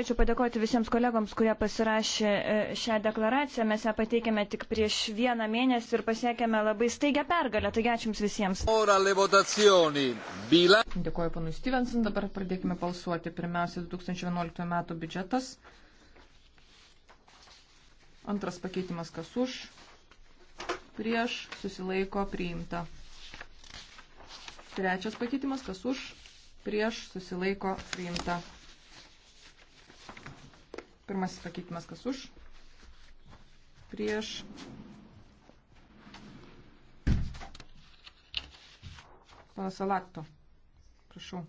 Norėčiau padėkoti visiems kolegoms, kurie pasirašė e, šią deklaraciją. Mes ją pateikėme tik prieš vieną mėnesį ir pasiekėme labai staigę pergalę. Taigi ačiū Jums visiems. Dėkuoju panui Stevenson. Dabar pradėkime balsuoti. Pirmiausia, 2011 metų biudžetas. Antras pakeitimas kas už. Prieš susilaiko priimta. Trečias pakeitimas kas už. Prieš susilaiko priimta. Pirmasis pakeitimas kas už. Prieš. Pana Salakto. Prašau.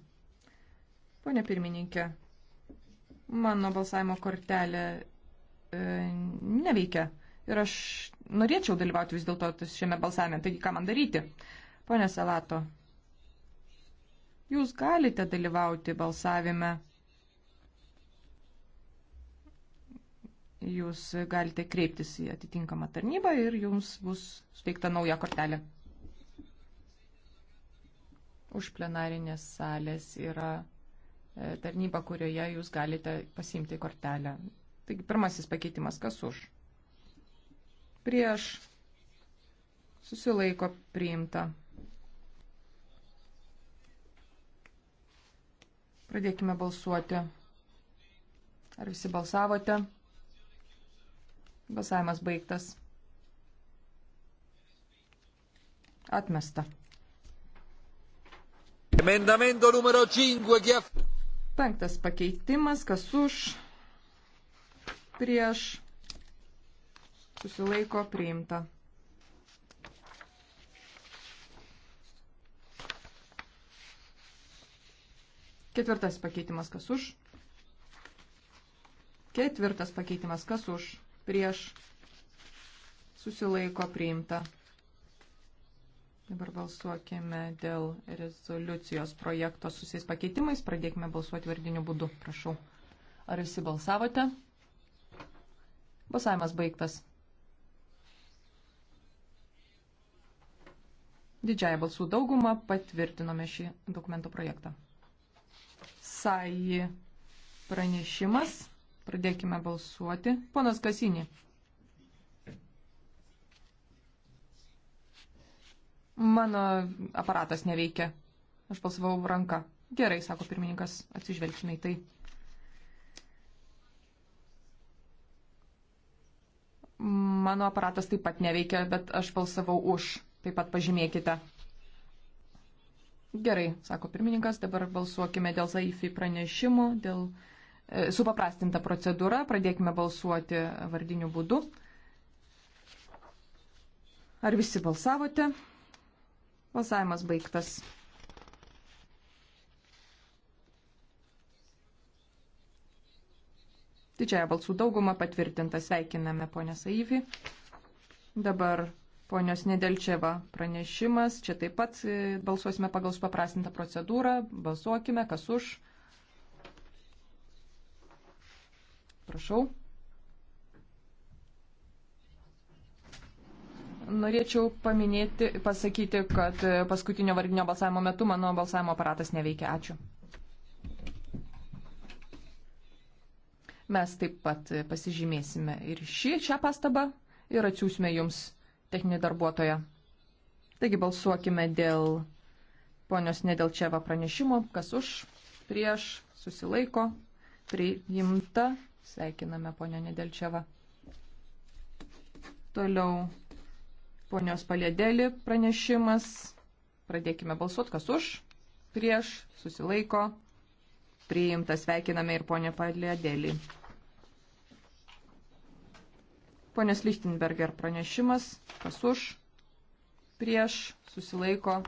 Pone pirmininkė, mano balsavimo kortelė e, neveikia. Ir aš norėčiau dalyvauti vis dėlto šiame balsavime. Taigi, ką man daryti? Pone Salato, jūs galite dalyvauti balsavime jūs galite kreiptis į atitinkamą tarnybą ir jums bus suteikta nauja kortelė. Už plenarinės salės yra e, tarnyba, kurioje jūs galite pasimti kortelę. Taigi pirmasis pakeitimas, kas už? Prieš susilaiko priimta. Pradėkime balsuoti. Ar visi balsavote? Balsavimas baigtas. Atmesta. Emendamento numero 5. Kia... Penktas pakeitimas, kas už, prieš, susilaiko priimta. Ketvirtas pakeitimas, kas už. Ketvirtas pakeitimas, kas už prieš susilaiko priimta. Dabar balsuokime dėl rezoliucijos projekto susiais pakeitimais. Pradėkime balsuoti vardiniu būdu, prašau. Ar visi balsavote? Balsavimas baigtas. Didžiąją balsų daugumą patvirtinome šį dokumento projektą. SAI pranešimas. Pradėkime balsuoti. Ponas Kasinė. Mano aparatas neveikia. Aš balsavau ranką. Gerai, sako pirmininkas, atsižvelgime į tai. Mano aparatas taip pat neveikia, bet aš balsavau už. Taip pat pažymėkite. Gerai, sako pirmininkas, dabar balsuokime dėl Zaifi pranešimų, dėl supaprastinta procedūra, pradėkime balsuoti vardiniu būdu. Ar visi balsavote? Balsavimas baigtas. Didžiąją balsų daugumą patvirtinta. Sveikiname ponę Saivį. Dabar ponios Nedelčeva pranešimas. Čia taip pat e, balsuosime pagal supaprastintą procedūrą. Balsuokime, kas už. Prašau. Norėčiau paminėti, pasakyti, kad paskutinio varginio balsavimo metu mano balsavimo aparatas neveikia. Ačiū. Mes taip pat pasižymėsime ir šį, šią pastabą ir atsiūsime jums techninį darbuotoją. Taigi balsuokime dėl ponios Nedelčeva pranešimo, kas už, prieš, susilaiko, priimta. Sveikiname ponę Nedelčiavą. Toliau ponios Palėdėlį pranešimas. Pradėkime balsuoti, kas už, prieš, susilaiko. Priimta sveikiname ir ponę Palėdėlį. Ponios Lichtenberger pranešimas, kas už, prieš, susilaiko.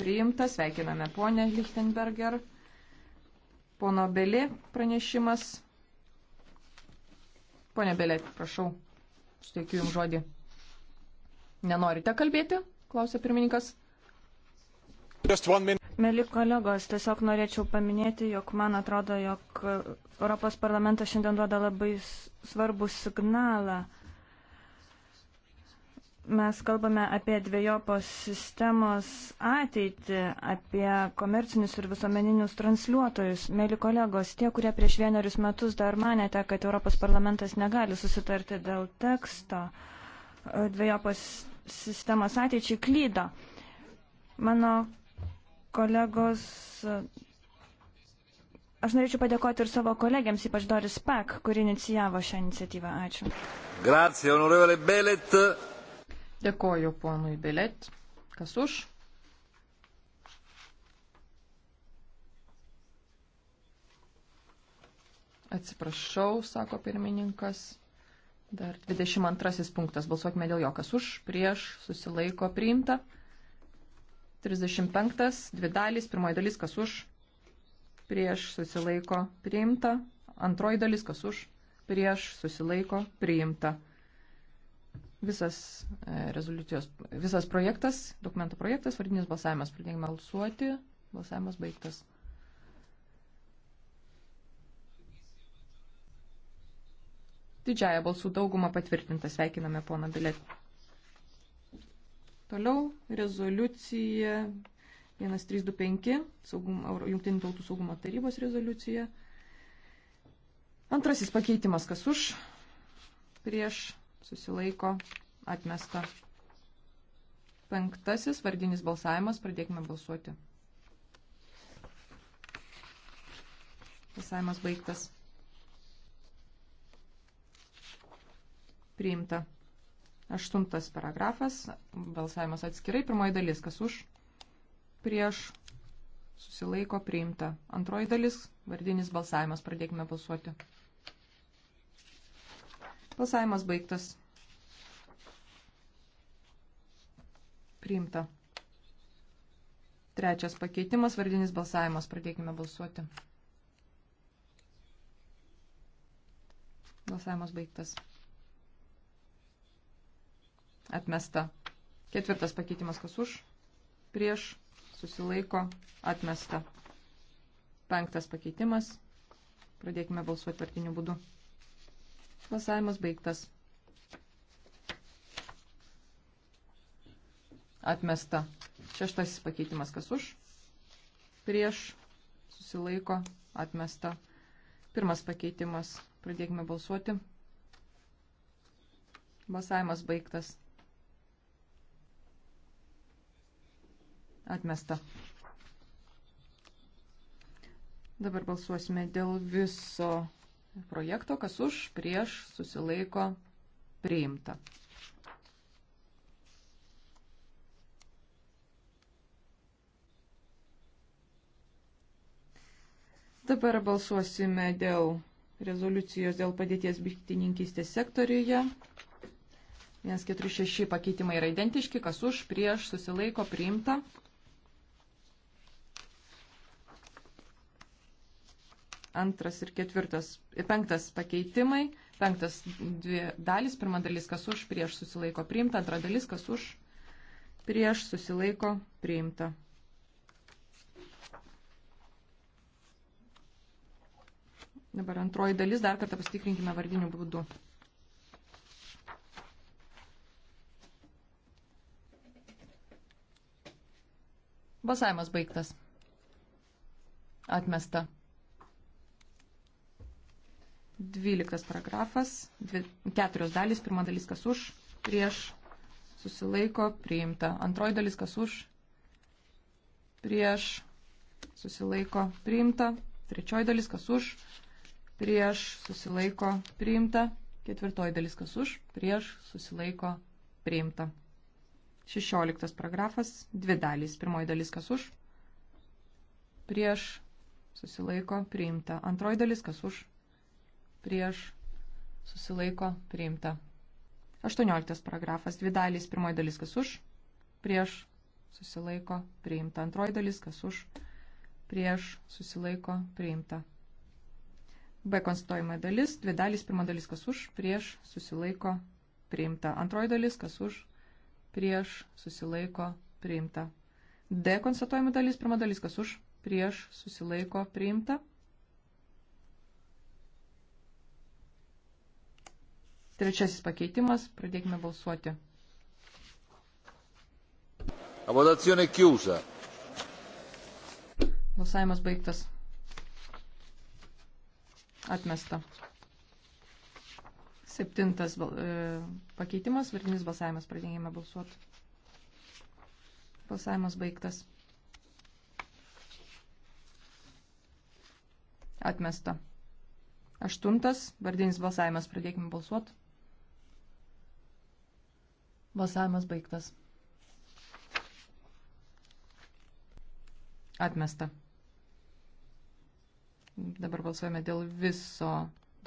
Priimta, sveikiname ponę Lichtenberger. Pono Beli pranešimas, Pone Belėt, prašau, suteikiu Jums žodį. Nenorite kalbėti? Klausė pirmininkas. Mėly kolegos, tiesiog norėčiau paminėti, jog man atrodo, jog Europos parlamentas šiandien duoda labai svarbų signalą mes kalbame apie dviejopos sistemos ateitį, apie komercinius ir visuomeninius transliuotojus. Mėly kolegos, tie, kurie prieš vienerius metus dar manėte, kad Europos parlamentas negali susitarti dėl teksto dviejopos sistemos ateičiai, klydo. Mano kolegos. Aš norėčiau padėkoti ir savo kolegiams, ypač Doris Pak, kuri inicijavo šią iniciatyvą. Ačiū. Grazie, onorevole Belet. Dėkoju ponui Bilet. Kas už? Atsiprašau, sako pirmininkas. Dar 22 punktas. Balsuokime dėl jo. Kas už, prieš, susilaiko, priimta. 35. Dvi dalys. Pirmoji dalis. Kas už, prieš, susilaiko, priimta. Antroji dalis. Kas už, prieš, susilaiko, priimta visas e, rezoliucijos, visas projektas, dokumento projektas, vardinis balsavimas. Pradėkime balsuoti, balsavimas baigtas. Didžiaja balsų dauguma patvirtinta, sveikiname poną Bilet. Toliau rezoliucija 1325, saugum, Jungtinių tautų saugumo tarybos rezoliucija. Antrasis pakeitimas, kas už, prieš susilaiko, atmesta. Penktasis vardinis balsavimas, pradėkime balsuoti. Balsavimas baigtas. Priimta. Aštuntas paragrafas, balsavimas atskirai, pirmoji dalis, kas už, prieš, susilaiko, priimta. Antroji dalis, vardinis balsavimas, pradėkime balsuoti. Balsavimas baigtas. Priimta. Trečias pakeitimas, vardinis balsavimas. Pradėkime balsuoti. Balsavimas baigtas. Atmesta. Ketvirtas pakeitimas, kas už? Prieš. Susilaiko. Atmesta. Penktas pakeitimas. Pradėkime balsuoti partiniu būdu. Balsavimas baigtas. Atmesta. Šeštasis pakeitimas kas už. Prieš. Susilaiko. Atmesta. Pirmas pakeitimas. Pradėkime balsuoti. Balsavimas baigtas. Atmesta. Dabar balsuosime dėl viso projekto, kas už, prieš, susilaiko, priimta. Dabar balsuosime dėl rezoliucijos dėl padėties bitininkystės sektoriuje. 146 pakeitimai yra identiški, kas už, prieš, susilaiko, priimta. antras ir ketvirtas, penktas pakeitimai, penktas dvi dalis, pirma dalis kas už, prieš susilaiko priimta, antra dalis kas už, prieš susilaiko priimta. Dabar antroji dalis, dar kartą pasitikrinkime vardinių būdų. Balsavimas baigtas. Atmesta. 12 paragrafas, dvi, keturios dalys, pirma dalis kas už, prieš, susilaiko, priimta. Antroji dalis kas už, prieš, susilaiko, priimta. Trečioji dalis kas už, prieš, susilaiko, priimta. Ketvirtoji dalis kas už, prieš, susilaiko, priimta. 16 paragrafas, dvi dalys. Pirmoji dalis kas už, prieš, susilaiko, priimta. Antroji dalis kas už, prieš susilaiko priimta. 18 paragrafas, dvi dalys, pirmoji dalis kas už, prieš susilaiko priimta. Antroji dalis kas už, prieš susilaiko priimta. B konstatuojama dalis, dvi dalys, pirma dalis kas už, prieš susilaiko priimta. Antroji dalis kas už, prieš susilaiko priimta. D konstatuojama dalis, pirma dalis kas už, prieš susilaiko priimta. Trečiasis pakeitimas. Pradėkime balsuoti. Votazione chiusa. Balsavimas baigtas. Atmesta. Septintas e, pakeitimas, vardinis balsavimas, pradėjome balsuoti. Balsavimas baigtas. Atmesta. Aštuntas, vardinis balsavimas, pradėkime balsuoti. Balsavimas baigtas. Atmesta. Dabar balsuojame dėl viso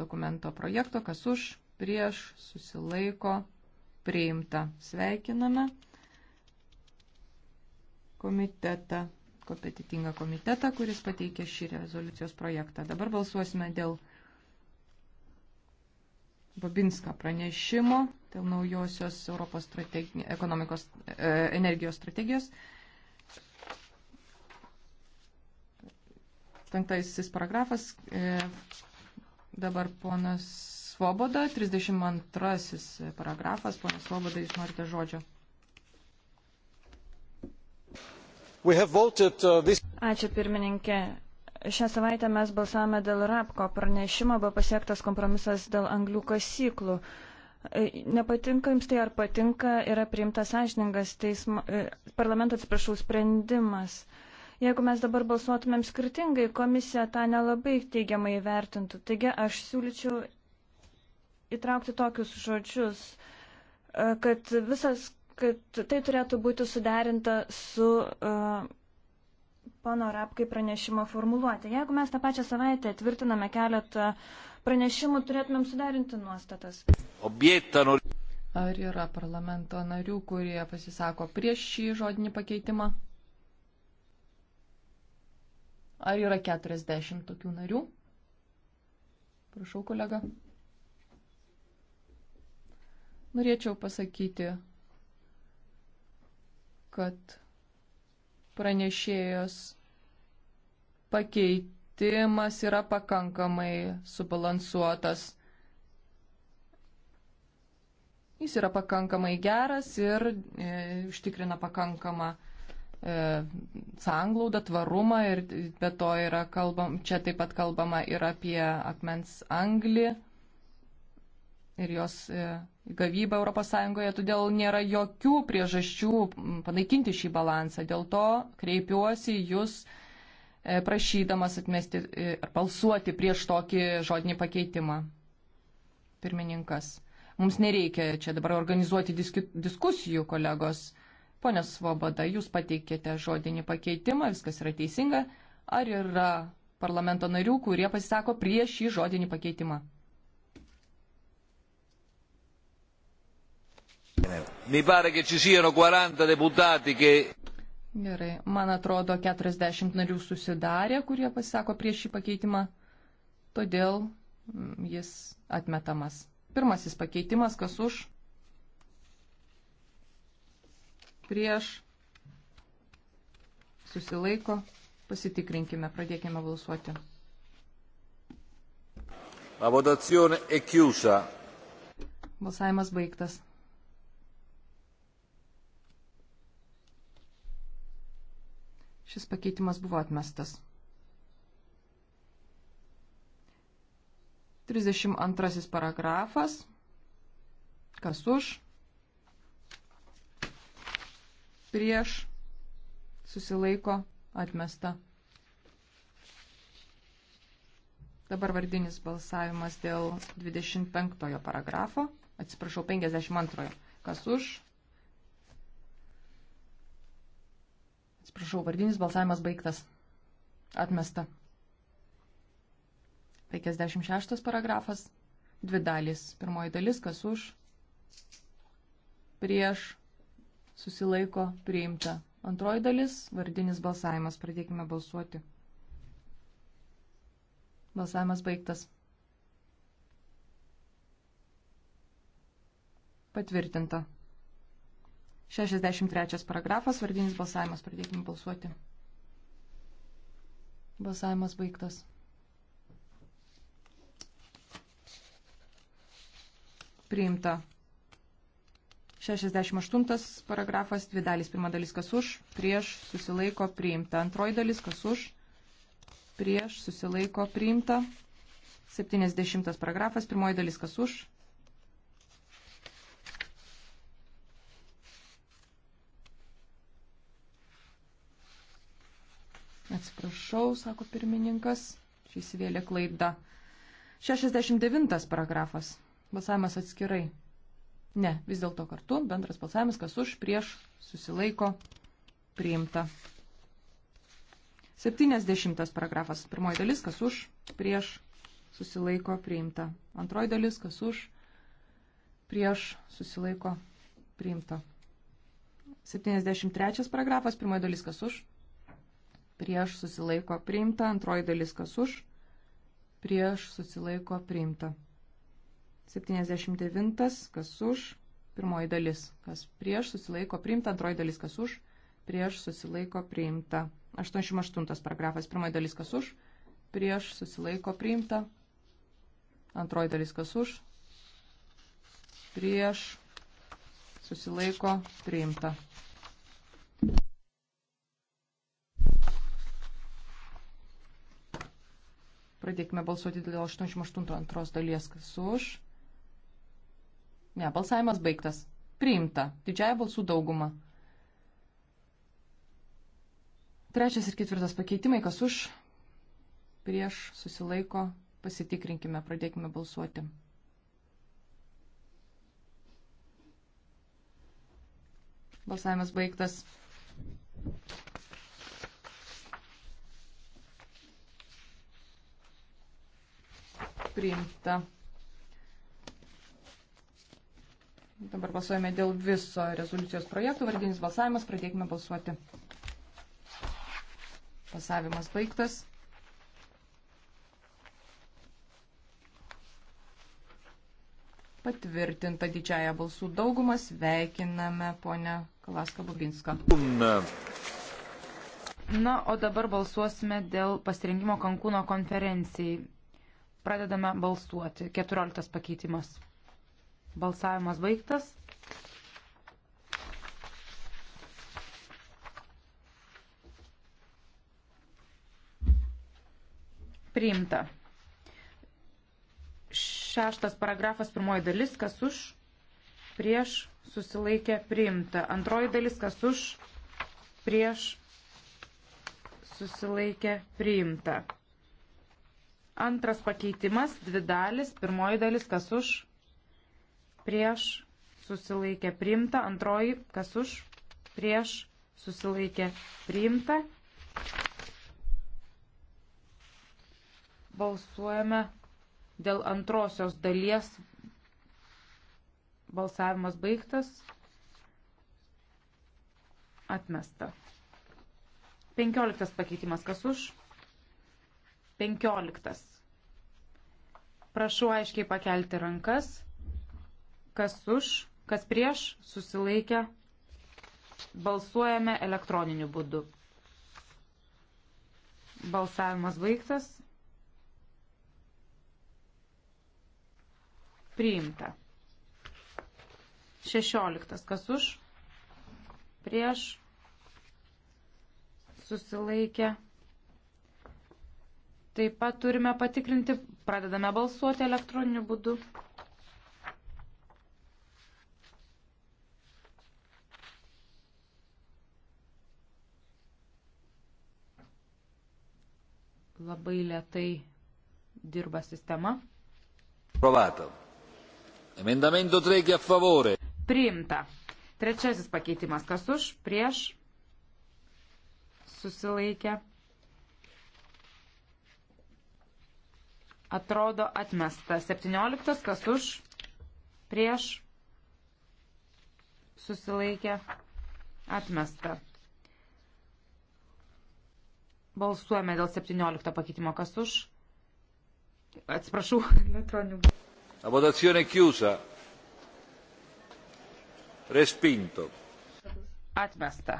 dokumento projekto, kas už, prieš, susilaiko, priimta. Sveikiname komitetą, kompetitingą komitetą, kuris pateikė šį rezoliucijos projektą. Dabar balsuosime dėl Babinska pranešimo dėl naujosios Europos strategi ekonomikos e, energijos strategijos. Penktasis paragrafas. E, dabar ponas Svoboda, 32 paragrafas. Ponas Svoboda, jūs norite žodžio. Voted, uh, this... Ačiū pirmininkė Šią savaitę mes balsavome dėl RAPKO pranešimo, buvo pasiektas kompromisas dėl anglių kasyklų. E, nepatinka jums tai ar patinka, yra priimtas sąžiningas teismo, e, parlamento atsiprašau sprendimas. Jeigu mes dabar balsuotumėm skirtingai, komisija tą nelabai teigiamai vertintų. Taigi aš siūlyčiau įtraukti tokius žodžius, e, kad visas, kad tai turėtų būti suderinta su. Uh, pono Rapkai pranešimo formuluoti. Jeigu mes tą pačią savaitę tvirtiname keletą pranešimų, turėtumėm sudarinti nuostatas. Objektano. Ar yra parlamento narių, kurie pasisako prieš šį žodinį pakeitimą? Ar yra 40 tokių narių? Prašau, kolega. Norėčiau pasakyti, kad pranešėjos pakeitimas yra pakankamai subalansuotas. Jis yra pakankamai geras ir e, užtikrina pakankamą e, sanglaudą, tvarumą ir be to yra kalbam, čia taip pat kalbama ir apie akmens anglį ir jos e, gavybą ES, todėl nėra jokių priežasčių panaikinti šį balansą. Dėl to kreipiuosi jūs e, prašydamas atmesti e, ar balsuoti prieš tokį žodinį pakeitimą. Pirmininkas. Mums nereikia čia dabar organizuoti diskusijų, kolegos. Pone Svoboda, jūs pateikėte žodinį pakeitimą, viskas yra teisinga. Ar yra parlamento narių, kurie pasisako prieš šį žodinį pakeitimą? Mi pare che ci siano 40 deputati che. Gerai, man atrodo 40 narių susidarė, kurie pasisako prieš šį pakeitimą, todėl mm, jis atmetamas. Pirmasis pakeitimas, kas už? Prieš. Susilaiko. Pasitikrinkime, pradėkime balsuoti. La votazione è chiusa. Balsavimas baigtas. Šis pakeitimas buvo atmestas. 32 paragrafas. Kas už? Prieš susilaiko atmesta. Dabar vardinis balsavimas dėl 25 paragrafo, atsiprašau, 52. Kas už, Prašau, vardinis balsavimas baigtas. Atmesta. 56 paragrafas. Dvi dalys. Pirmoji dalis, kas už, prieš, susilaiko, priimta. Antroji dalis, vardinis balsavimas. Pradėkime balsuoti. Balsavimas baigtas. Patvirtinta. 63 paragrafas, vardinis balsavimas, pradėkime balsuoti. Balsavimas baigtas. Priimta. 68 paragrafas, dvi dalys, pirma dalis kas už, prieš, susilaiko, priimta. Antroji dalis kas už, prieš, susilaiko, priimta. 70 paragrafas, pirmoji dalis kas už, Atsiprašau, sako pirmininkas, čia įsivėlė klaida. 69 paragrafas. Balsavimas atskirai. Ne, vis dėlto kartu bendras balsavimas, kas už, prieš, susilaiko, priimta. 70 paragrafas. Pirmoji dalis, kas už, prieš, susilaiko, priimta. Antroji dalis, kas už, prieš, susilaiko, priimta. 73 paragrafas, pirmoji dalis, kas už, prieš susilaiko priimta, antroji dalis kas už, prieš susilaiko priimta. 79 kas už, pirmoji dalis kas prieš susilaiko priimta, antroji dalis kas už, prieš susilaiko priimta. 88 paragrafas, pirmoji dalis kas už, prieš susilaiko priimta, antroji dalis kas už, prieš susilaiko priimta. Pradėkime balsuoti dėl 88 dalies, kas už. Ne, balsavimas baigtas. Priimta. Didžiaja balsų dauguma. Trečias ir ketvirtas pakeitimai, kas už. Prieš susilaiko. Pasitikrinkime, pradėkime balsuoti. Balsavimas baigtas. priimta. Dabar balsuojame dėl viso rezoliucijos projektų. Vardinis balsavimas. Pradėkime balsuoti. Balsavimas baigtas. Patvirtinta didžiaja balsų daugumas. Veikiname ponę Kalaską Bubinską. Na, o dabar balsuosime dėl pasirinkimo Kankūno konferencijai. Pradedame balsuoti. 14 pakeitimas. Balsavimas baigtas. Priimta. Šeštas paragrafas, pirmoji dalis, kas už, prieš, susilaikė, priimta. Antroji dalis, kas už, prieš, susilaikė, priimta. Antras pakeitimas, dvi dalis, pirmoji dalis, kas už, prieš, susilaikė priimta, antroji, kas už, prieš, susilaikė priimta. Balsuojame dėl antrosios dalies. Balsavimas baigtas. Atmesta. Penkioliktas pakeitimas, kas už, 15. Prašau aiškiai pakelti rankas, kas už, kas prieš, susilaikę. Balsuojame elektroniniu būdu. Balsavimas baigtas. Priimta. 16. Kas už? Prieš? Susilaikę? Taip pat turime patikrinti, pradedame balsuoti elektroniniu būdu. Labai lietai dirba sistema. Provato. Emendamento 3 a favore. Priimta. Trečiasis pakeitimas. Kas už? Prieš? Susilaikė. atrodo atmesta. 17 kas už, prieš, susilaikė, atmesta. Balsuojame dėl 17 pakeitimo kas už. Atsiprašau, elektroninių. La votazione chiusa. Respinto. Atmesta.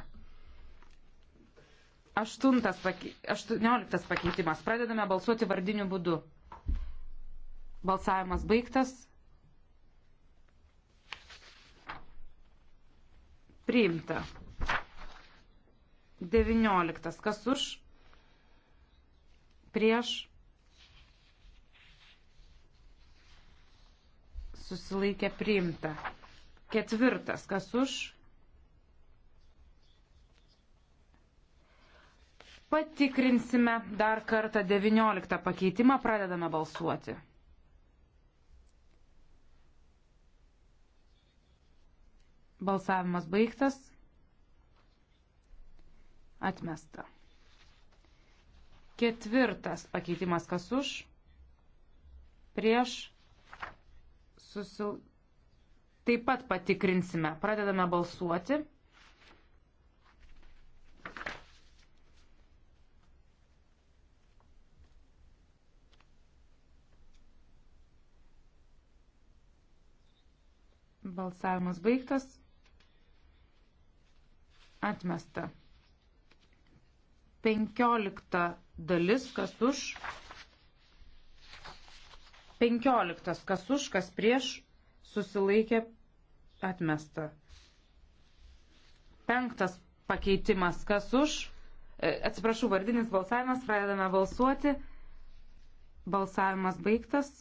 Aštuntas, pake... aštuonioliktas pakeitimas. Pradedame balsuoti vardiniu būdu. Balsavimas baigtas. Priimta. 19. Kas už? Prieš. Susilaikė priimta. Ketvirtas. Kas už? Patikrinsime dar kartą 19 pakeitimą. Pradedame balsuoti. Balsavimas baigtas. Atmesta. Ketvirtas pakeitimas kas už. Prieš. Susil... Taip pat patikrinsime. Pradedame balsuoti. Balsavimas baigtas. Atmesta. 15 dalis, kas už. 15 kas už, kas prieš susilaikė atmesta. Penktas pakeitimas kas už. E, atsiprašau, vardinis balsavimas, pradedame balsuoti. Balsavimas baigtas.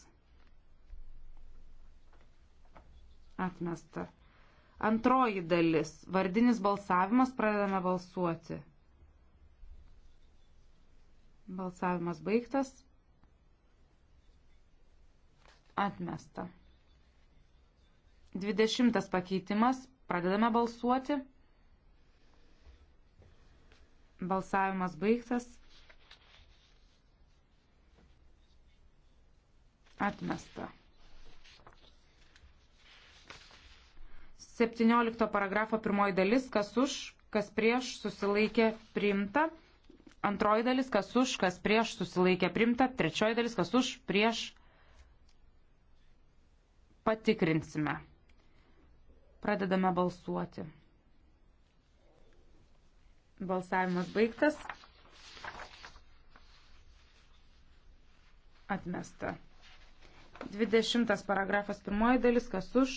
Atmesta. Antroji dalis. Vardinis balsavimas. Pradedame balsuoti. Balsavimas baigtas. Atmesta. 20 pakeitimas. Pradedame balsuoti. Balsavimas baigtas. Atmesta. 17 paragrafo pirmoji dalis, kas už, kas prieš susilaikė priimta. Antroji dalis, kas už, kas prieš susilaikė priimta. Trečioji dalis, kas už, prieš patikrinsime. Pradedame balsuoti. Balsavimas baigtas. Atmesta. 20 paragrafas pirmoji dalis, kas už,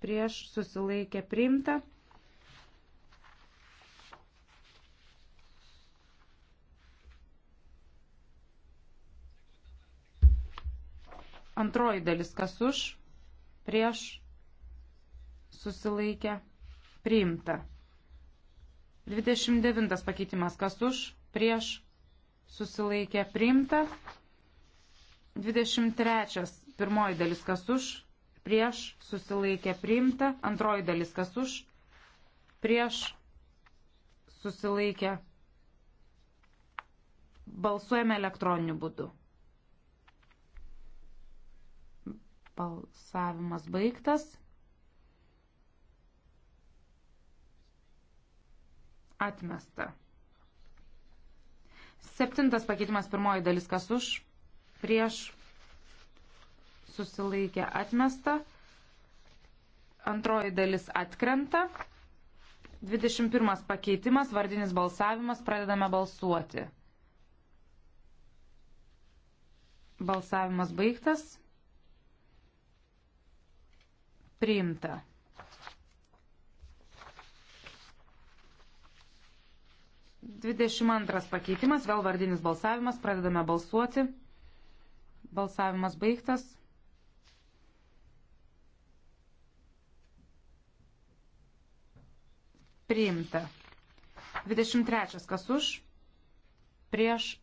prieš susilaikė priimta. Antroji dalis kas už, prieš susilaikė priimta. 29 pakeitimas kas už, prieš susilaikė priimta. 23 pirmoji dalis kas už, prieš, susilaikė priimta, antroji dalis kas už, prieš, susilaikė, balsuojame elektroniniu būdu. Balsavimas baigtas. Atmesta. Septintas pakeitimas pirmoji dalis kas už, prieš, susilaikė atmesta, antroji dalis atkrenta, 21 pakeitimas, vardinis balsavimas, pradedame balsuoti. Balsavimas baigtas. Priimta. Dvidešimt antras pakeitimas, vėl vardinis balsavimas, pradedame balsuoti. Balsavimas baigtas. priimta. 23. Kas už? Prieš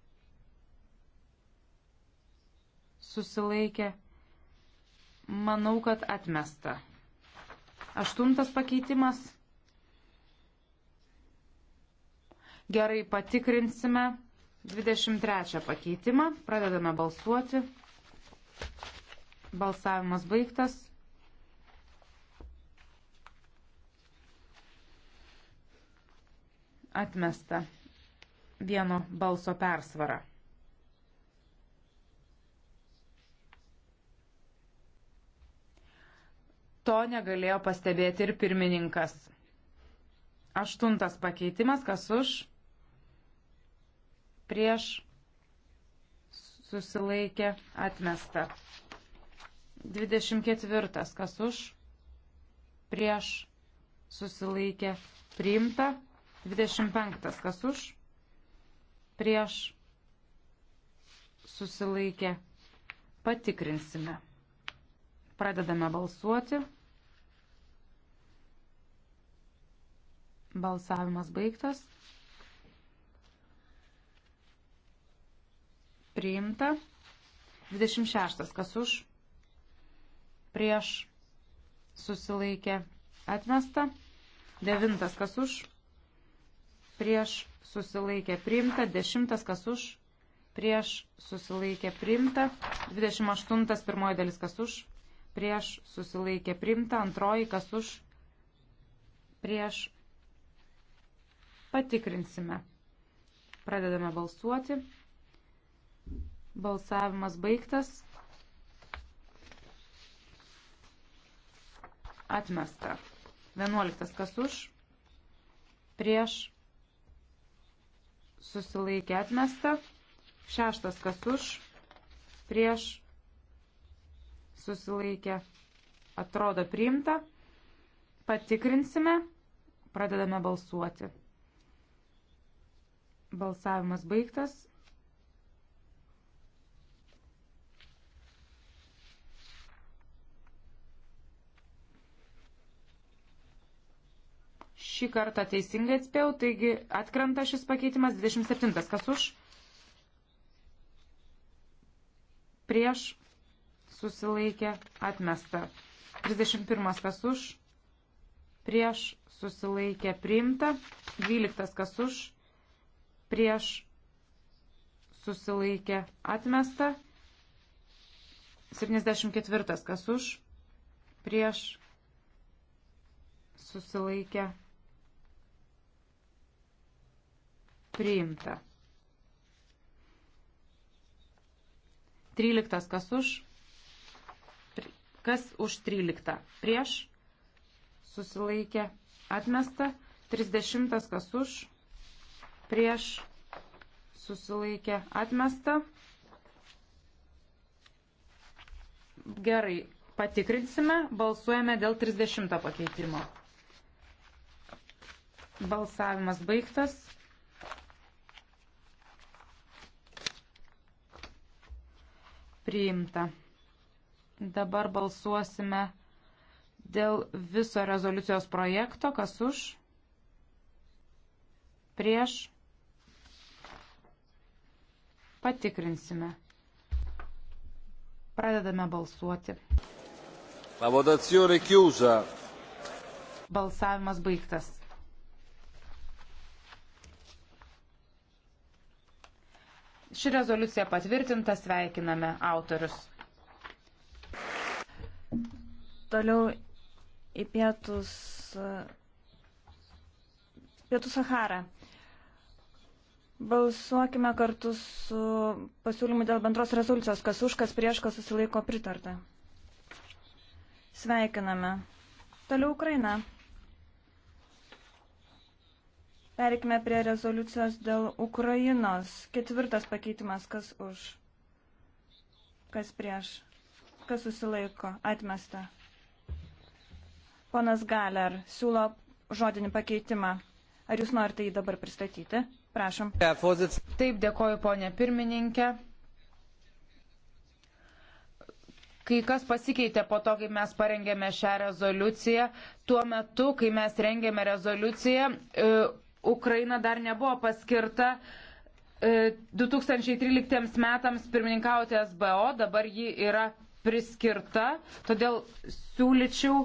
susilaikė. Manau, kad atmesta. Aštuntas pakeitimas. Gerai, patikrinsime 23 pakeitimą. Pradedame balsuoti. Balsavimas baigtas. atmesta vieno balso persvara. To negalėjo pastebėti ir pirmininkas. Aštuntas pakeitimas, kas už, prieš, susilaikė, atmesta. 24, kas už, prieš, susilaikė, priimta. 25. Kas už? Prieš susilaikė. Patikrinsime. Pradedame balsuoti. Balsavimas baigtas. Priimta. 26. Kas už? Prieš susilaikė. Atmesta. 9. Kas už? prieš susilaikė priimta, 10 kas už, prieš susilaikė priimta, 28 pirmoji dalis kas už, prieš susilaikė priimta, antroji kas už, prieš patikrinsime. Pradedame balsuoti. Balsavimas baigtas. Atmesta. 11 kas už, prieš susilaikė atmesta, šeštas kas už, prieš susilaikė, atrodo priimta, patikrinsime, pradedame balsuoti. Balsavimas baigtas. šį kartą teisingai atspėjau, taigi atkrenta šis pakeitimas 27. Kas už? Prieš susilaikė atmesta. 31. Kas už? Prieš susilaikė priimta. 12. Kas už? Prieš susilaikė atmesta. 74. Kas už? Prieš susilaikė atmesta susilaikė priimta. 13. Kas už? Kas už 13? Prieš? Susilaikė. Atmesta. 30. Kas už? Prieš? Susilaikė. Atmesta. Gerai. Patikrinsime. Balsuojame dėl 30 pakeitimo. Balsavimas baigtas. priimta. Dabar balsuosime dėl viso rezoliucijos projekto, kas už, prieš, patikrinsime. Pradedame balsuoti. La votazione chiusa. Balsavimas baigtas. Ši rezoliucija patvirtinta, sveikiname autorius. Toliau į pietus, pietų Sahara. Balsuokime kartu su pasiūlymu dėl bendros rezoliucijos, kas už, kas prieš, kas susilaiko pritarta. Sveikiname. Toliau Ukraina. Perikime prie rezoliucijos dėl Ukrainos. Ketvirtas pakeitimas, kas už, kas prieš, kas susilaiko, atmesta. Ponas Galer siūlo žodinį pakeitimą. Ar jūs norite jį dabar pristatyti? Prašom. Taip, dėkoju, ponė pirmininkė. kai kas pasikeitė po to, kai mes parengėme šią rezoliuciją. Tuo metu, kai mes rengėme rezoliuciją, e, Ukraina dar nebuvo paskirta 2013 e, metams pirmininkauti SBO, dabar ji yra priskirta, todėl siūlyčiau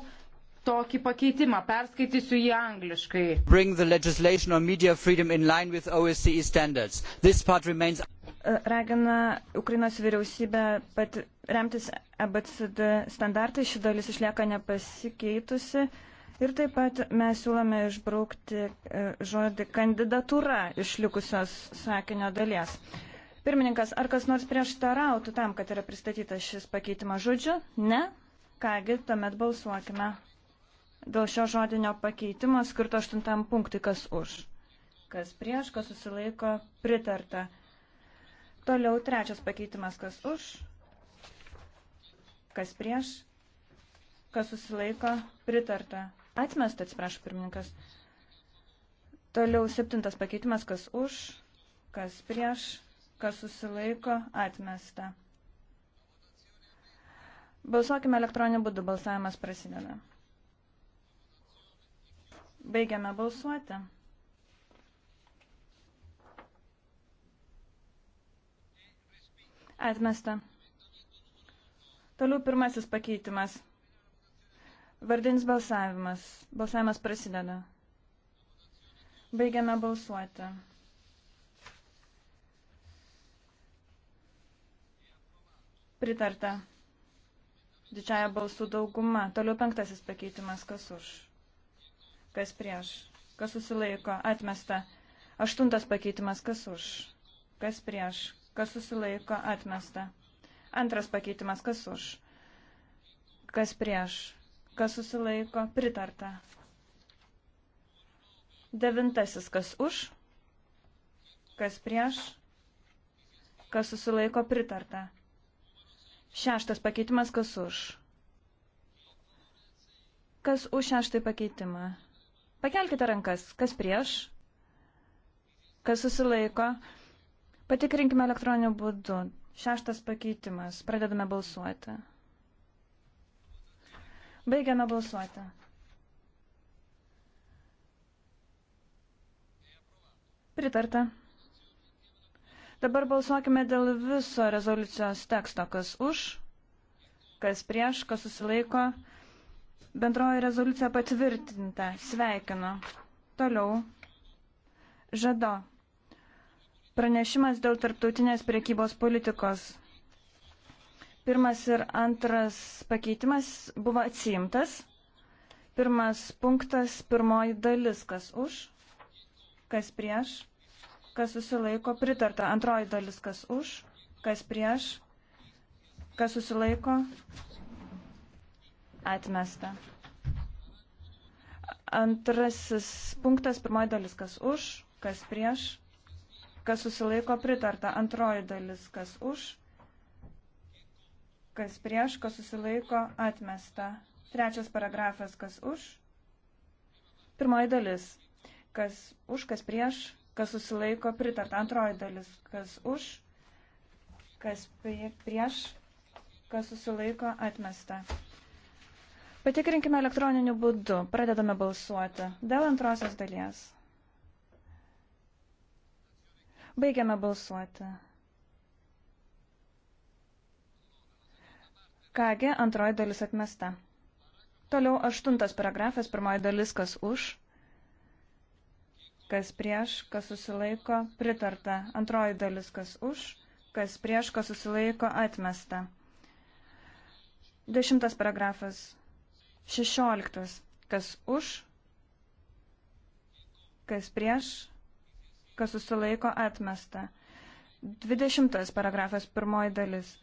tokį pakeitimą. Perskaitysiu jį angliškai. Bring the legislation on media freedom in line with OSCE standards. This part remains. E, ragina Ukrainos vyriausybę pat remtis ABCD standartai, ši dalis išlieka nepasikeitusi. Uh, Ir taip pat mes siūlome išbraukti e, žodį kandidatūra išlikusios sakinio dalies. Pirmininkas, ar kas nors prieštarautų tam, kad yra pristatytas šis pakeitimas žodžiu? Ne? Kągi, tuomet balsuokime dėl šio žodinio pakeitimo skirto aštuntam punktui, kas už, kas prieš, kas susilaiko, pritarta. Toliau trečias pakeitimas, kas už, kas prieš, kas susilaiko, pritarta. Atmesta, atsiprašau, pirmininkas. Toliau septintas pakeitimas, kas už, kas prieš, kas susilaiko, atmesta. Balsuokime elektroniniu būdu, balsavimas prasideda. Baigiame balsuoti. Atmesta. Toliau pirmasis pakeitimas. Vardinis balsavimas. Balsavimas prasideda. Baigiame balsuoti. Pritarta. Didžiaja balsų dauguma. Toliau penktasis pakeitimas. Kas už? Kas prieš? Kas susilaiko? Atmesta. Aštuntas pakeitimas. Kas už? Kas prieš? Kas susilaiko? Atmesta. Antras pakeitimas. Kas už? Kas prieš? kas susilaiko, pritarta. Devintasis, kas už, kas prieš, kas susilaiko, pritarta. Šeštas pakeitimas, kas už. Kas už šeštąjį pakeitimą? Pakelkite rankas, kas prieš, kas susilaiko. Patikrinkime elektroniniu būdu. Šeštas pakeitimas. Pradedame balsuoti. Baigiame balsuoti. Pritarta. Dabar balsuokime dėl viso rezoliucijos teksto, kas už, kas prieš, kas susilaiko. Bendroji rezoliucija patvirtinta. Sveikinu. Toliau. Žado. Pranešimas dėl tarptautinės priekybos politikos. Pirmas ir antras pakeitimas buvo atsiimtas. Pirmas punktas, pirmoji dalis, kas už, kas prieš, kas susilaiko, pritarta. Antroji dalis, kas už, kas prieš, kas susilaiko, atmesta antrasis punktas, pirmoji dalis, kas už, kas prieš, kas susilaiko pritarta, antroji dalis, kas už, kas prieš, kas susilaiko, atmesta. Trečias paragrafas, kas už. Pirmoji dalis, kas už, kas prieš, kas susilaiko, pritarta. Antroji dalis, kas už, kas prieš, kas susilaiko, atmesta. Patikrinkime elektroniniu būdu. Pradedame balsuoti dėl antrosios dalies. Baigiame balsuoti. Kągi, antroji dalis atmesta. Toliau aštuntas paragrafas, pirmoji dalis, kas už, kas prieš, kas susilaiko, pritarta. Antroji dalis, kas už, kas prieš, kas susilaiko, atmesta. Dešimtas paragrafas, šešioliktas, kas už, kas prieš, kas susilaiko, atmesta. Dvidešimtas paragrafas, pirmoji dalis.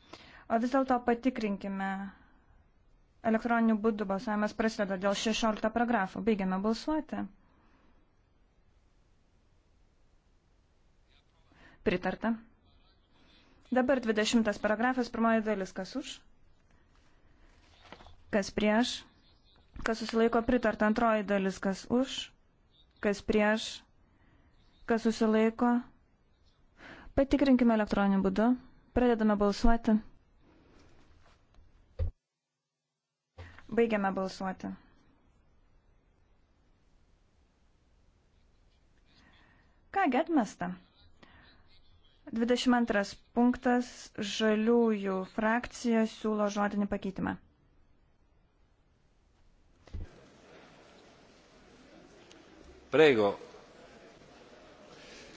O vis dėlto patikrinkime elektroniniu būdu balsavimas prasideda dėl 16 paragrafų. Baigiame balsuoti. Pritarta. Dabar 20 paragrafas, pirmoji dalis. Kas už? Kas prieš? Kas susilaiko pritarta? Antroji dalis. Kas už? Kas prieš? Kas susilaiko? Patikrinkime elektroniniu būdu. Pradedame balsuoti. Baigiame balsuoti. Kągi atmesta. 22 punktas žaliųjų frakcija siūlo žodinį pakeitimą. Prego.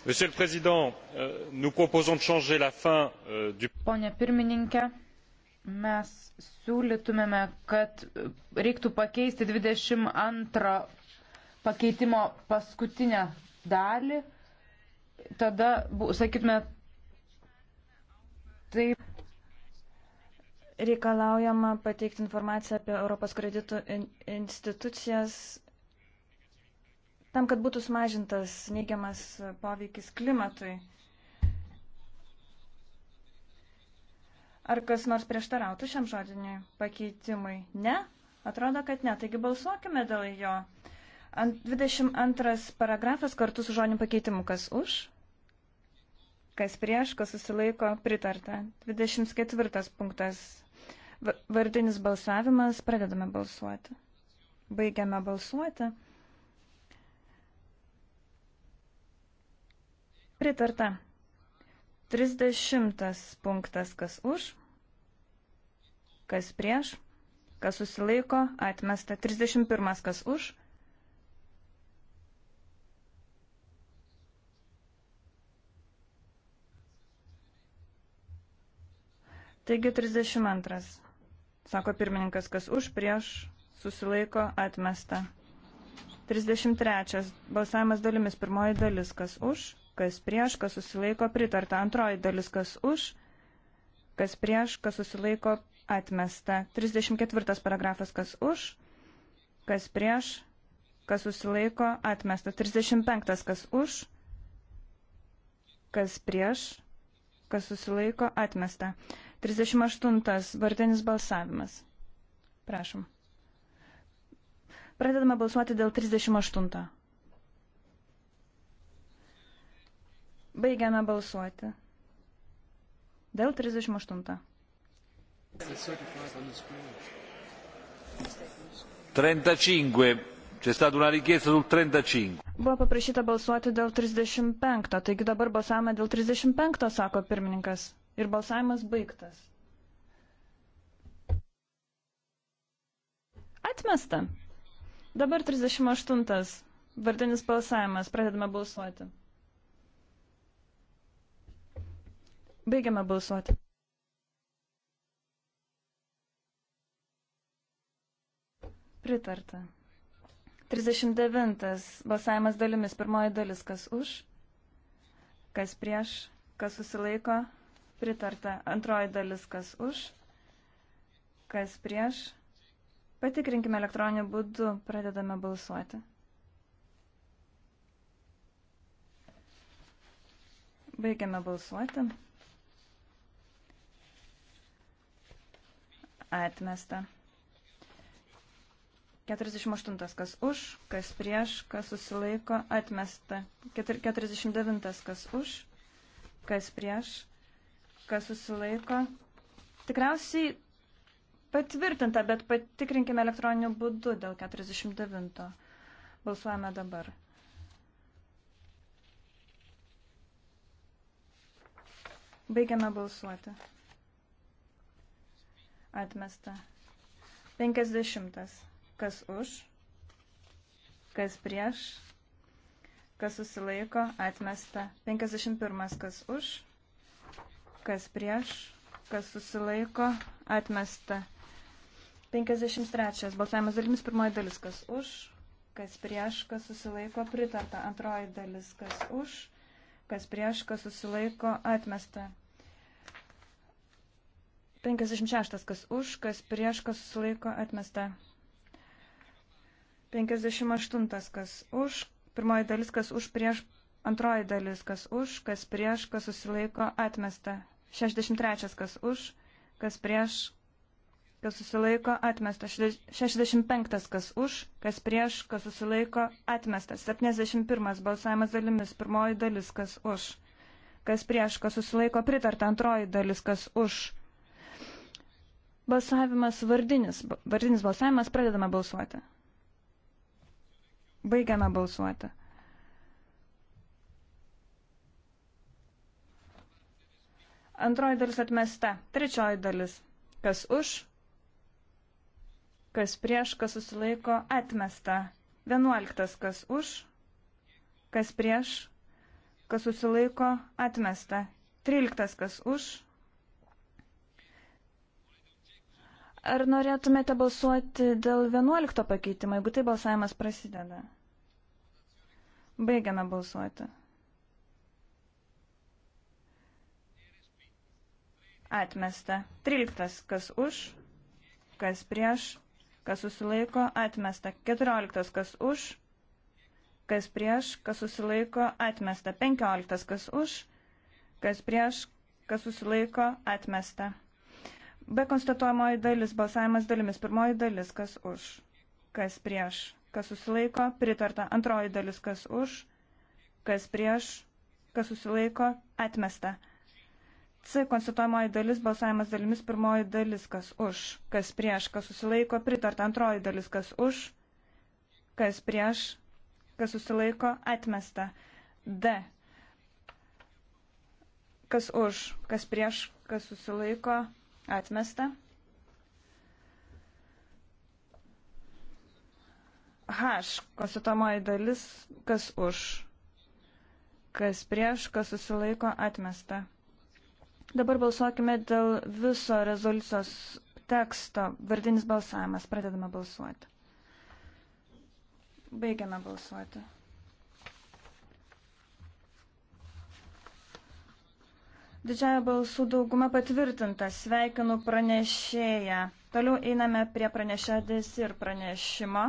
Monsieur le Président, euh, nous proposons de changer la fin euh, du. Pone pirmininkė, Mes siūlytumėme, kad reiktų pakeisti 22 pakeitimo paskutinę dalį. Tada, sakytume, taip. Reikalaujama pateikti informaciją apie Europos kreditų institucijas tam, kad būtų sumažintas neigiamas poveikis klimatui. Ar kas nors prieštarautų šiam žodiniui pakeitimui? Ne? Atrodo, kad ne. Taigi balsuokime dėl jo. Ant 22 paragrafas kartu su žodiniu pakeitimu. Kas už? Kas prieš, kas susilaiko, pritarta. 24 punktas. Vardinis balsavimas. Pradedame balsuoti. Baigiame balsuoti. Pritarta. 30 punktas. Kas už? kas prieš, kas susilaiko, atmesta 31, kas už. Taigi 32, sako pirmininkas, kas už, prieš, susilaiko, atmesta. 33, balsavimas dalimis, pirmoji dalis, kas už, kas prieš, kas susilaiko, pritarta, antroji dalis, kas už, kas prieš, kas susilaiko, pritarta atmesta. 34 paragrafas kas už, kas prieš, kas susilaiko, atmesta. 35 kas už, kas prieš, kas susilaiko, atmesta. 38 vartinis balsavimas. Prašom. Pradedame balsuoti dėl 38. Baigiame balsuoti. Dėl 38. 35. Čia statų una richiesta sul 35. Buvo paprašyta balsuoti dėl 35, taigi dabar balsavome dėl 35, sako pirmininkas. Ir balsavimas baigtas. Atmesta. Dabar 38. Vardinis balsavimas. Pradedame balsuoti. Baigiame balsuoti. Pritarta. 39. Balsavimas dalimis. Pirmoji dalis. Kas už? Kas prieš? Kas susilaiko? Pritarta. Antroji dalis. Kas už? Kas prieš? Patikrinkime elektroniniu būdu. Pradedame balsuoti. Baigiame balsuoti. Atmesta. 48. Kas už, kas prieš, kas susilaiko, atmesta. 49. Kas už, kas prieš, kas susilaiko. Tikriausiai patvirtinta, bet patikrinkime elektroniniu būdu dėl 49. Balsuojame dabar. Baigiame balsuoti. Atmesta. 50 kas už, kas prieš, kas susilaiko, atmesta. 51 kas už, kas prieš, kas susilaiko, atmesta. 53 balsavimas dalimis, pirmoji dalis kas už, kas prieš, kas susilaiko, pritarta. Antroji dalis kas už, kas prieš, kas susilaiko, atmesta. 56 kas už, kas prieš, kas susilaiko, atmesta. 58. Kas už, pirmoji dalis, kas už, prieš, antroji dalis, kas už, kas prieš, kas susilaiko, atmesta. 63. Kas už, kas prieš, kas susilaiko, atmesta. 65. Kas už, kas prieš, kas susilaiko, atmesta. 71. Balsavimas dalimis, pirmoji dalis, kas už kas prieš, kas susilaiko pritarta, antroji dalis, kas už. Balsavimas vardinis, vardinis balsavimas, pradedame balsuoti. Baigiame balsuoti. Antroji dalis atmesta. Trečioji dalis. Kas už, kas prieš, kas susilaiko, atmesta. Vienuoliktas, kas už, kas prieš, kas susilaiko, atmesta. Tryliktas, kas už, Ar norėtumėte balsuoti dėl 11 pakeitimo, jeigu tai balsavimas prasideda? Baigiame balsuoti. Atmesta. 13. Kas už, kas prieš, kas susilaiko, atmesta. 14. Kas už, kas prieš, kas susilaiko, atmesta. 15. Kas už, kas prieš, kas susilaiko, atmesta. Be konstatuojamoji dalis, balsavimas dalimis. Pirmoji dalis, kas už, kas prieš, kas susilaiko, pritarta. Antroji dalis, kas už, kas prieš, kas susilaiko, atmesta. C. Konstatuojamoji dalis, balsavimas dalimis, pirmoji dalis, kas už, kas prieš, kas susilaiko, pritarta. Antroji dalis, kas už, kas prieš, kas susilaiko, atmesta. D. Kas už, kas prieš, kas susilaiko, atmesta Atmesta. H. Konstituojamoji dalis, kas už, kas prieš, kas susilaiko, atmesta. Dabar balsuokime dėl viso rezoliucijos teksto. Vardinis balsavimas. Pradedame balsuoti. Baigiame balsuoti. Didžiaja balsų dauguma patvirtinta. Sveikinu pranešėją. Toliau einame prie pranešėdės ir pranešimo.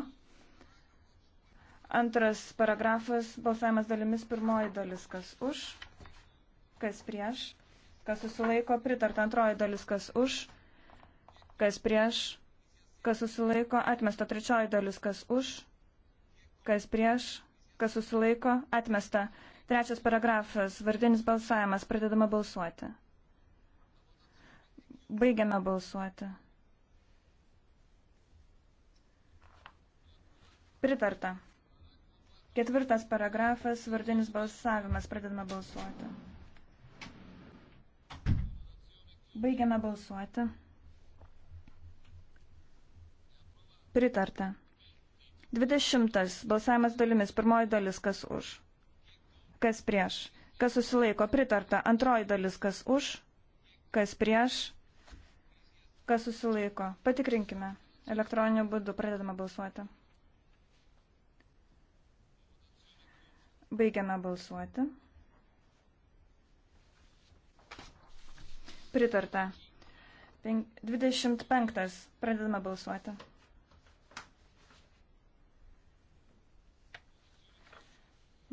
Antras paragrafas, balsavimas dalimis, pirmoji dalis, kas už, kas prieš, kas susilaiko, pritarta antroji dalis, kas už, kas prieš, kas susilaiko, atmesta trečioji dalis, kas už, kas prieš, kas susilaiko, atmesta. Trečias paragrafas, vardinis balsavimas, pradedame balsuoti. Baigiame balsuoti. Pritarta. Ketvirtas paragrafas, vardinis balsavimas, pradedame balsuoti. Baigiame balsuoti. Pritarta. Dvidešimtas. Balsavimas dalimis. Pirmoji dalis, kas už kas prieš, kas susilaiko pritarta. Antroji dalis, kas už, kas prieš, kas susilaiko. Patikrinkime. Elektroniniu būdu pradedame balsuoti. Baigiame balsuoti. Pritarta. 25. Pradedame balsuoti.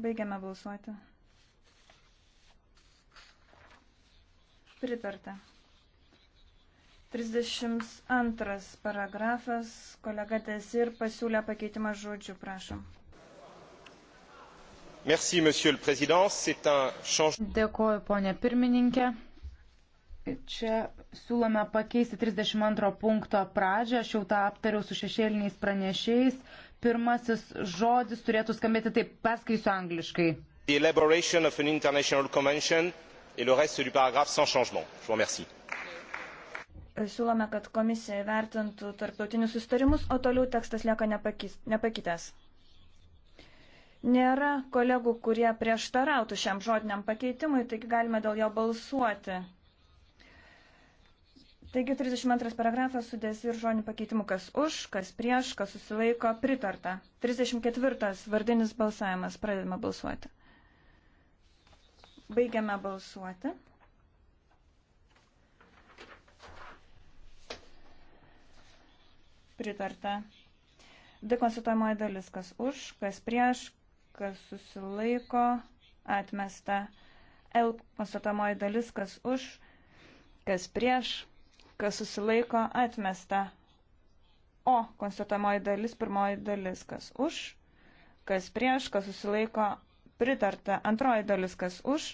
Baigiame balsuoti. Pritarta. 32 paragrafas. Kolega Desir pasiūlė pakeitimą žodžių, prašom. Merci, monsieur le président. C'est un changement. Dėkoju, ponė pirmininkė. Čia siūlome pakeisti 32 punkto pradžią. Aš jau tą aptariau su šešėliniais pranešėjais pirmasis žodis turėtų skambėti taip, paskaisiu angliškai. Elaboration of an international convention et le reste du paragraphe sans changement. Je vous remercie. Siūlome, kad komisija vertintų tarptautinius sustarimus, o toliau tekstas lieka nepakis, nepakitęs. Nėra kolegų, kurie prieštarautų šiam žodiniam pakeitimui, taigi galime dėl jo balsuoti. Taigi 32 paragrafas sudės ir žodžių pakeitimų, kas už, kas prieš, kas susilaiko, pritarta. 34 vardinis balsavimas, pradedame balsuoti. Baigiame balsuoti. Pritarta. Dekonstituojamoji dalis, kas už, kas prieš, kas susilaiko, atmesta. L konstatuojamoji dalis, kas už, kas prieš, kas susilaiko atmesta. O konstatuojamoji dalis, pirmoji dalis, kas už, kas prieš, kas susilaiko pritarta. Antroji dalis, kas už,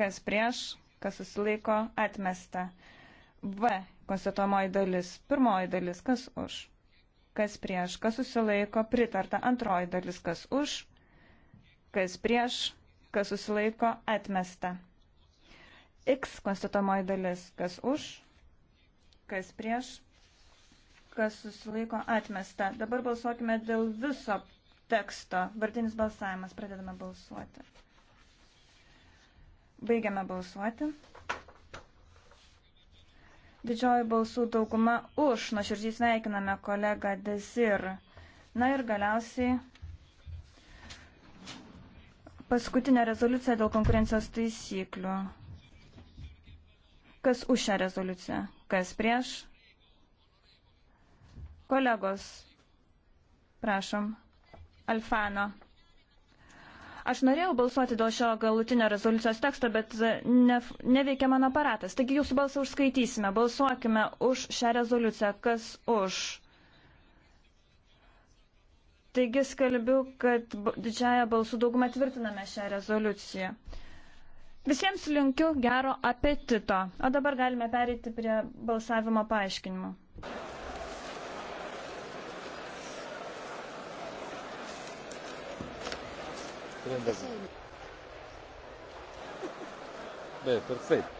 kas prieš, kas susilaiko atmesta. V konstatuojamoji dalis, pirmoji dalis, kas už kas prieš, kas susilaiko, pritarta antroji dalis, kas už, kas prieš, kas susilaiko, atmesta. X konstatuojamoji dalis, kas už, kas prieš, kas susilaiko atmesta. Dabar balsuokime dėl viso teksto. Vartinis balsavimas. Pradedame balsuoti. Baigiame balsuoti. Didžioji balsų dauguma už. Nuoširdžiai sveikiname kolegą Desir. Na ir galiausiai paskutinė rezoliucija dėl konkurencijos taisyklių. Kas už šią rezoliuciją? Kas prieš? Kolegos, prašom. Alfano. Aš norėjau balsuoti dėl šio galutinio rezoliucijos teksto, bet ne, neveikia mano aparatas. Taigi jūsų balsą užskaitysime. Balsuokime už šią rezoliuciją. Kas už? Taigi skalbiu, kad didžiaja balsų daugumą tvirtiname šią rezoliuciją. Visiems linkiu gero apetito. O dabar galime pereiti prie balsavimo paaiškinimo. Beh, perfetto.